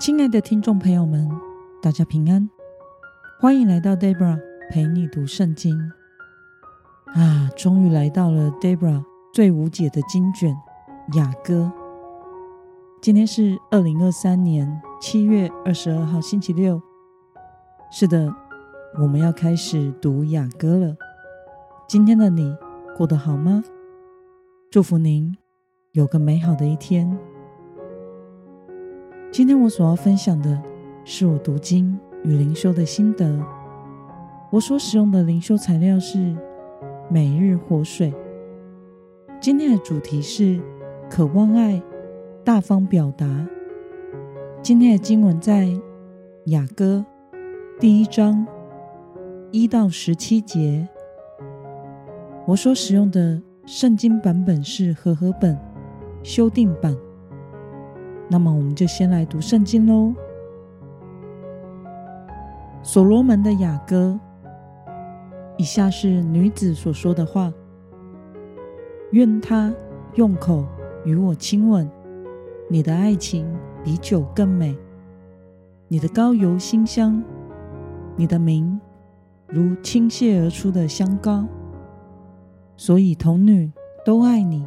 親愛的聽眾朋友們，大家平安，歡迎來到 Debra 陪你讀聖經。啊，終於來到了 Debra 最無解的經卷——雅歌。今天是二零二三年七月二十二號，星期六。是的，我們要開始讀雅歌了。今天的你過得好嗎？祝福您有個美好的一天。今天我所要分享的是我讀經與靈修的心得。我所使用的靈修材料是《每日活水》。今天的主題是“渴望愛，大方表達”。今天的經文在《雅歌》第一章一到十七節。我所使用的聖經版本是和合本修訂版。那麼我們就先來讀聖經嘍。所羅門的雅歌，以下是女子所說的話：願他用口與我親吻，你的愛情比酒更美，你的膏油馨香，你的名如傾瀉而出的香膏，所以童女都愛你。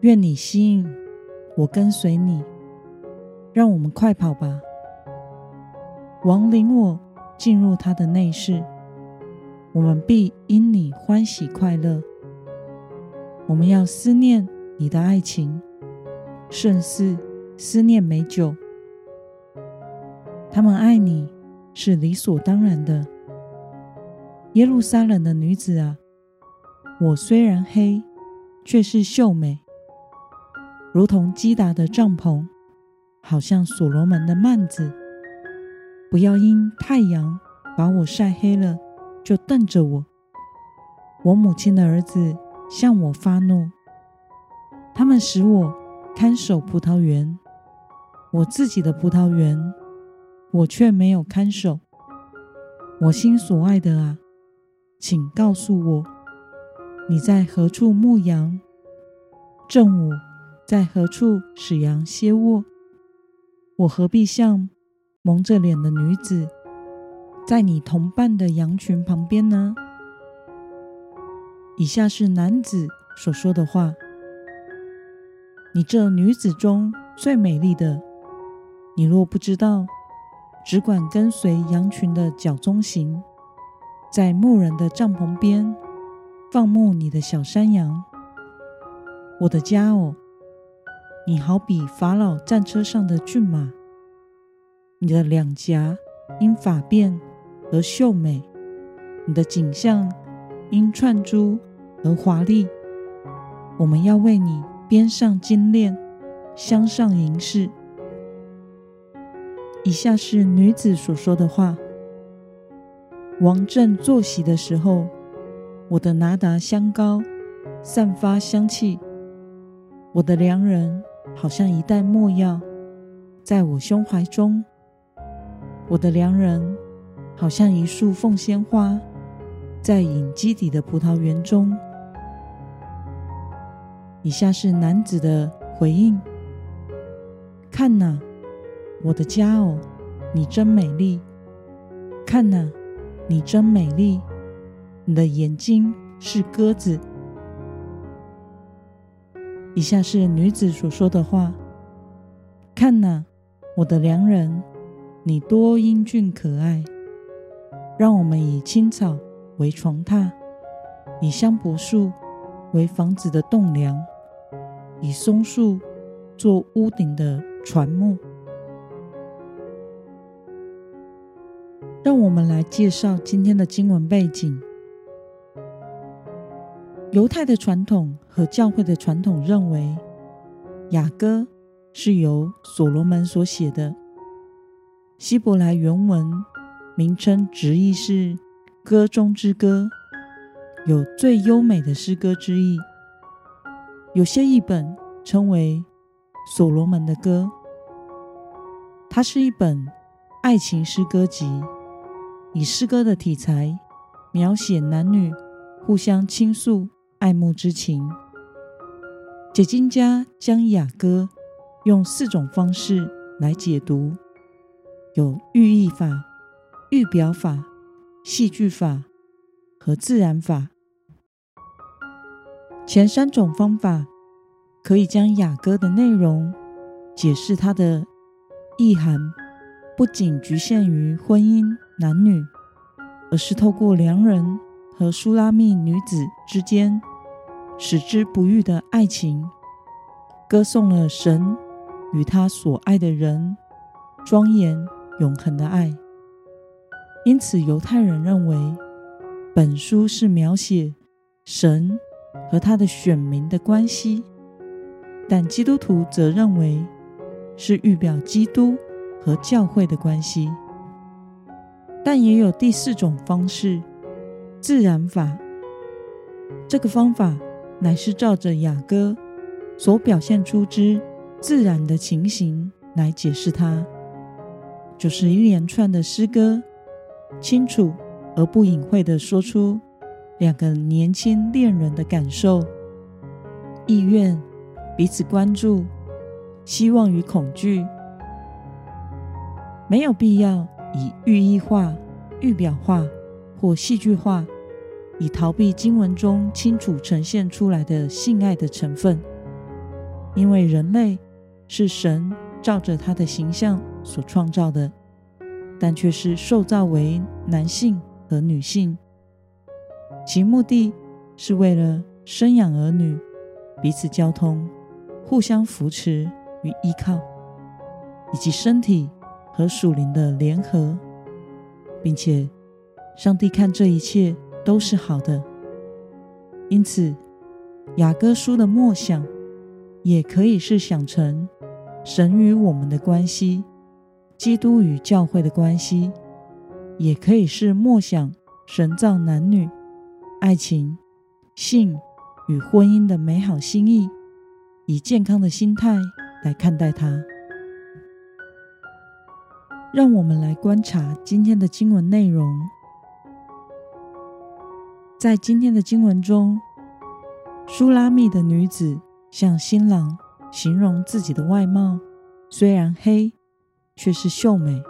願你吸引。我跟隨你，讓我們快跑吧。王領我進入他的內室，我們必因你歡喜快樂。我們要思念你的愛情，勝似思，思念美酒。他們愛你是理所當然的，耶路撒冷的女子啊，我雖然黑，卻是秀美。如同基達的帳篷，好像所羅門的幔子。不要因太陽把我曬黑了就瞪着我。我母親的兒子向我發怒，他們使我看守葡萄園，我自己的葡萄園，我卻沒有看守。我心所愛的啊，請告訴我，你在何處牧羊？正午，在何處使羊歇臥？我何必像蒙着臉的女子，在你同伴的羊群旁邊呢？以下是男子所說的話：“你這女子中最美麗的，你若不知道，只管跟隨羊群的腳蹤行，在牧人的帳篷邊放牧你的小山羊。我的家哦。”你好比法老戰車上的駿馬，你的兩頰因髮辮而秀美，你的頸項因串珠而華麗。我們要為你編上金鏈，鑲上銀飾。以下是女子所說的話：王正坐席的時候，我的哪噠香膏散發香氣，我的良人。好像一袋沒藥，在我胸懷中。我的良人，好像一束鳳仙花，在隱基底的葡萄園中。以下是男子的回應：看哪，我的佳偶，你真美麗！看哪，你真美麗！你的眼睛是鴿子。以下是女子所說的話：“看哪，我的良人，你多英俊可愛。讓我們以青草為床榻，以香柏樹為房子的棟梁，以松樹做屋頂的椽木。讓我們來介紹今天的經文背景。”猶太的傳統和教會的傳統認為，《雅歌》是由所羅門所寫的。希伯來原文名稱直譯是“歌中之歌”，有最優美的詩歌之意。有些譯本稱為《所羅門的歌》。它是一本愛情詩歌集，以詩歌的體裁描寫男女互相傾訴愛慕之情，解經家將雅歌用四種方式來解讀：有寓意法、預表法、戲劇法和自然法。前三種方法可以將雅歌的內容解釋它的意涵，不僅局限於婚姻男女，而是透過良人。和書拉密女子之間矢志不渝的愛情，歌頌了神與他所愛的人莊嚴永恆的愛。因此，猶太人認為本書是描寫神和他的選民的關係，但基督徒則認為是預表基督和教會的關係。但也有第四種方式。自然法，這個方法乃是照着雅歌所表現出之自然的情形來解釋它，就是一連串的詩歌，清楚而不隱晦地說出兩個年輕戀人的感受、意願、彼此關注、希望與恐懼，沒有必要以寓意化、預表化。或戲劇化，以逃避經文中清楚呈現出來的性愛的成分，因為人類是神照着他的形象所創造的，但卻是受造為男性和女性，其目的是為了生養兒女，彼此交通，互相扶持與依靠，以及身體和屬靈的聯合，並且。上帝看這一切都是好的，因此雅歌書的默想也可以是想成神與我們的關係，基督與教會的關係，也可以是默想神造男女、愛情、性與婚姻的美好心意，以健康的心態來看待它。讓我們來觀察今天的經文內容。在今天的經文中，書拉密的女子向新郎形容自己的外貌，雖然黑，卻是秀美。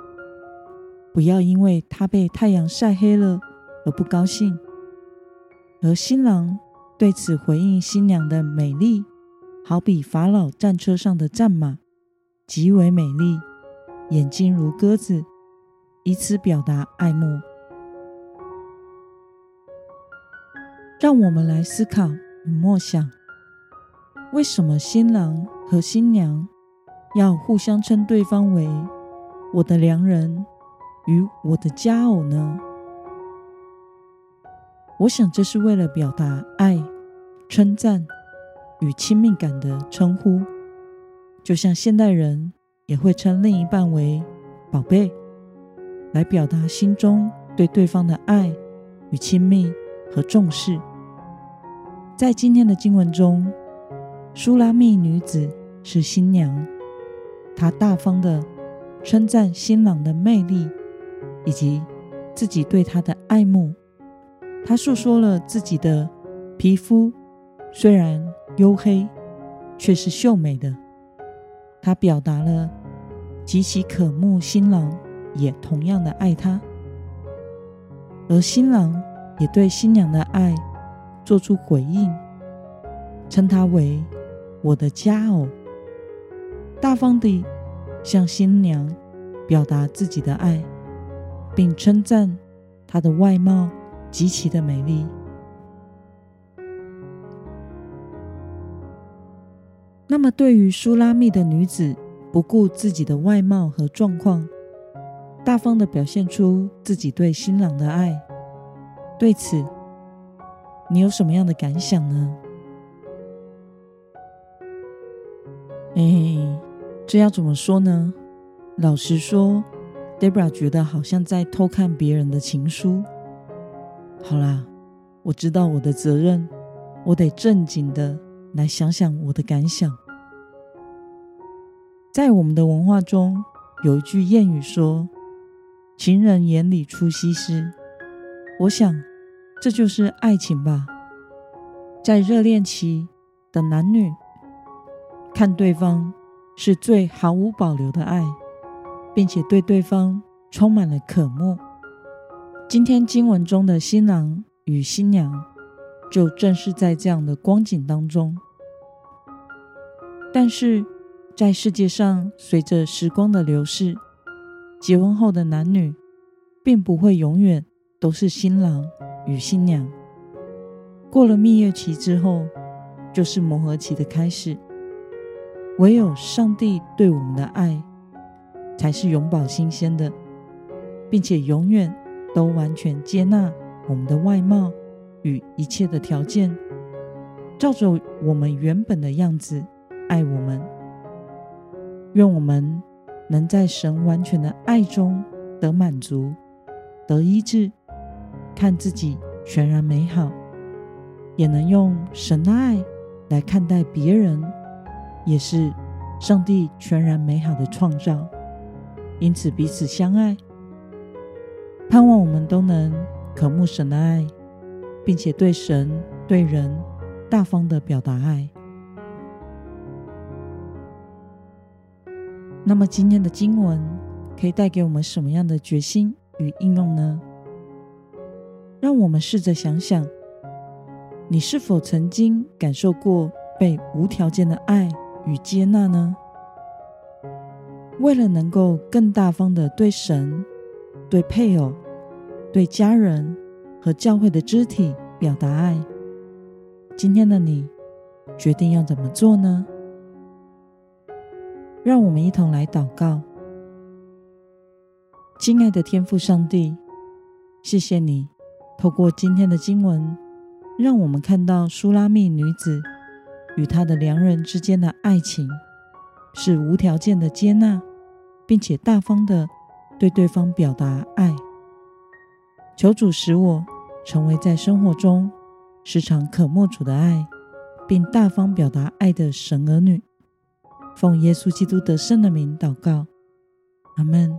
不要因為她被太陽曬黑了而不高興。而新郎對此回應新娘的美麗，好比法老戰車上的戰馬，極為美麗，眼睛如鴿子，以此表達愛慕。讓我們來思考與默想：為什麼新郎和新娘要互相稱對方為“我的良人”與“我的佳偶”呢？我想，這是為了表達愛、稱讚與親密感的稱呼。就像現代人也會稱另一半為“寶貝”，來表達心中對對方的愛與親密。和重視，在今天的經文中，書拉密女子是新娘，她大方的稱讚新郎的魅力，以及自己對他的愛慕。她訴說了自己的皮膚雖然黝黑，卻是秀美的。她表達了極其渴慕新郎也同樣的愛她，而新郎。也對新娘的愛做出回應，稱她為“我的佳偶”，大方地向新娘表達自己的愛，並稱讚她的外貌極其的美麗。那麼，對於書拉密的女子，不顧自己的外貌和狀況，大方的表現出自己對新郎的愛。對此，你有什麼樣的感想呢？哎，這要怎麼說呢？老實說，Debra 覺得好像在偷看別人的情書。好啦，我知道我的責任，我得正經的來想想我的感想。在我們的文化中，有一句諺語說：“情人眼裡出西施。”我想，這就是愛情吧。在熱戀期的男女，看對方是最毫無保留的愛，並且對對方充滿了渴慕。今天經文中的新郎與新娘，就正是在這樣的光景當中。但是，在世界上，隨着時光的流逝，結婚後的男女，並不會永遠。都是新郎與新娘過了蜜月期之後，就是磨合期的開始。唯有上帝對我們的愛才是永保新鮮的，並且永遠都完全接納我們的外貌與一切的條件，照着我們原本的樣子愛我們。願我們能在神完全的愛中得滿足，得醫治。看自己全然美好，也能用神的愛來看待別人，也是上帝全然美好的創造。因此，彼此相愛，盼望我們都能渴慕神的愛，並且對神對人大方的表達愛。那麼，今天的經文可以帶給我們什麼樣的決心與應用呢？讓我們試着想想，你是否曾經感受過被無條件的愛與接納呢？為了能夠更大方的對神、對配偶、對家人和教會的肢體表達愛，今天的你決定要怎麼做呢？讓我們一同來禱告。親愛的天父上帝，謝謝你。透過今天的經文，讓我們看到書拉密女子與她的良人之間的愛情是無條件的接納，並且大方的對對方表達愛。求主使我成為在生活中時常渴慕主的愛，並大方表達愛的神兒女。奉耶穌基督得勝的名禱告，阿門。